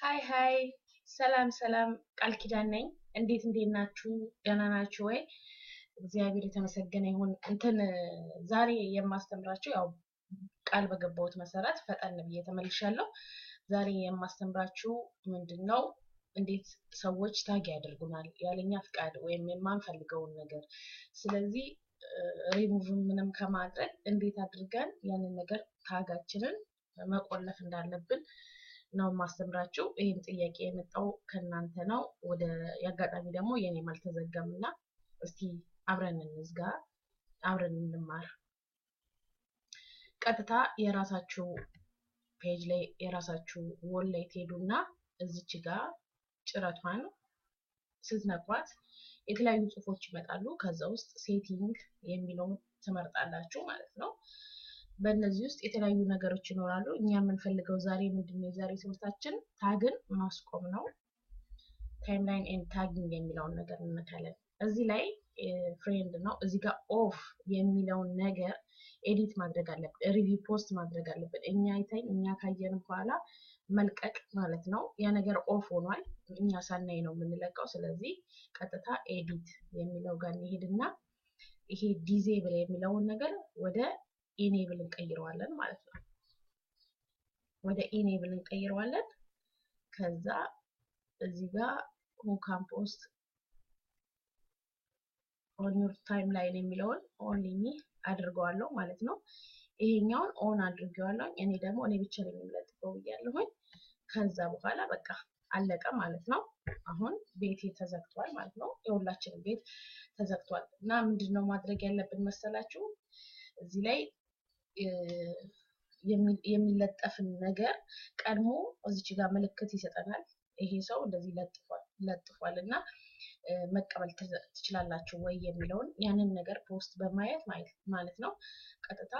ሀይ ሀይ ሰላም ሰላም፣ ቃል ኪዳን ነኝ። እንዴት እንዴት ናችሁ? ደህና ናችሁ ወይ? እግዚአብሔር የተመሰገነ ይሁን። እንትን ዛሬ የማስተምራችሁ ያው ቃል በገባሁት መሰረት ፈጠን ብዬ ተመልሻለሁ። ዛሬ የማስተምራችሁ ምንድን ነው እንዴት ሰዎች ታግ ያደርጉናል ያለኛ ፍቃድ ወይም የማንፈልገውን ነገር ስለዚህ ሪሙቭ ምንም ከማድረግ እንዴት አድርገን ያንን ነገር ታጋችንን መቆለፍ እንዳለብን ነው ማስተምራችሁ። ይህን ጥያቄ የመጣው ከእናንተ ነው። ወደ የአጋጣሚ ደግሞ የኔም አልተዘጋም እና እስቲ አብረን እንዝጋ፣ አብረን እንማር። ቀጥታ የራሳችሁ ፔጅ ላይ የራሳችሁ ወል ላይ ትሄዱና እዚች ጋር ጭረቷን ስትነኳት የተለያዩ ጽሁፎች ይመጣሉ። ከዛ ውስጥ ሴቲንግ የሚለውን ትመርጣላችሁ ማለት ነው። በእነዚህ ውስጥ የተለያዩ ነገሮች ይኖራሉ። እኛ የምንፈልገው ዛሬ ምንድን ነው? የዛሬ ትምህርታችን ታግን ማስቆም ነው። ታይምላይን ኤንድ ታጊንግ የሚለውን ነገር እንመታለን። እዚህ ላይ ፍሬንድ ነው። እዚህ ጋር ኦፍ የሚለውን ነገር ኤዲት ማድረግ አለብን። ሪቪው ፖስት ማድረግ አለብን። እኛ አይተን እኛ ካየን በኋላ መልቀቅ ማለት ነው። ያ ነገር ኦፍ ሆኗል። እኛ ሳናይ ነው የምንለቀው። ስለዚህ ቀጥታ ኤዲት የሚለው ጋር እንሄድና ይሄ ዲዜብል የሚለውን ነገር ወደ ኢኔብል እንቀይረዋለን ማለት ነው። ወደ ኢኔብል እንቀይረዋለን። ከዛ እዚህ ጋር ሁ ካምፖስት ኦን ዮር ታይም ላይን የሚለውን ኦን ሚ አድርገዋለሁ ማለት ነው። ይሄኛውን ኦን አድርጌዋለሁ። እኔ ደግሞ እኔ ብቻ ነው የሚለጥፈው ብያለሁኝ። ከዛ በኋላ በቃ አለቀ ማለት ነው። አሁን ቤቴ ተዘግቷል ማለት ነው። የሁላችንም ቤት ተዘግቷል እና ምንድን ነው ማድረግ ያለብን መሰላችሁ እዚህ ላይ የሚለጠፍን ነገር ቀድሞ እዚች ጋር ምልክት ይሰጠናል። ይሄ ሰው እንደዚህ ለጥፏል እና መቀበል ትችላላችሁ ወይ የሚለውን ያንን ነገር ፖስት በማየት ማለት ነው። ቀጥታ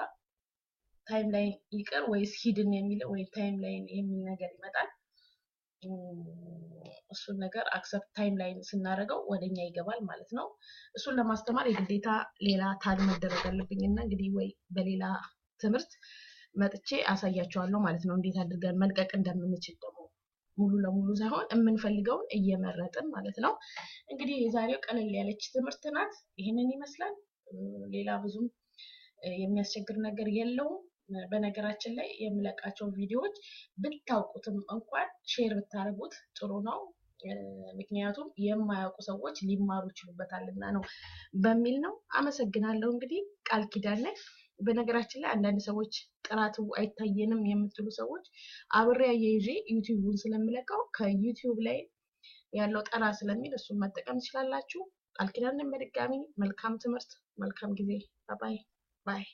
ታይም ላይን ይቅር ወይስ ሂድን የሚለው ወይ ታይም ላይን የሚል ነገር ይመጣል። እሱን ነገር አክሰፕት ታይም ላይን ስናደርገው ወደኛ ይገባል ማለት ነው። እሱን ለማስተማር የግዴታ ሌላ ታግ መደረግ አለብኝ እና እንግዲህ ወይ በሌላ ትምህርት መጥቼ አሳያቸዋለሁ ማለት ነው። እንዴት አድርገን መልቀቅ እንደምንችል ደግሞ ሙሉ ለሙሉ ሳይሆን የምንፈልገውን እየመረጥን ማለት ነው። እንግዲህ የዛሬው ቀለል ያለች ትምህርት ናት። ይህንን ይመስላል። ሌላ ብዙም የሚያስቸግር ነገር የለውም። በነገራችን ላይ የምለቃቸው ቪዲዮዎች ብታውቁትም እንኳን ሼር ብታደርጉት ጥሩ ነው። ምክንያቱም የማያውቁ ሰዎች ሊማሩ ይችሉበታልና ነው በሚል ነው። አመሰግናለሁ። እንግዲህ ቃል ኪዳን ላይ በነገራችን ላይ አንዳንድ ሰዎች ጥራቱ አይታየንም የምትሉ ሰዎች አብሬ አያይዤ ዩቲዩቡን ስለምለቀው ከዩቲዩብ ላይ ያለው ጠራ ስለሚል እሱን መጠቀም ትችላላችሁ። ቃል ኪዳንን በድጋሚ መልካም ትምህርት፣ መልካም ጊዜ። ባይ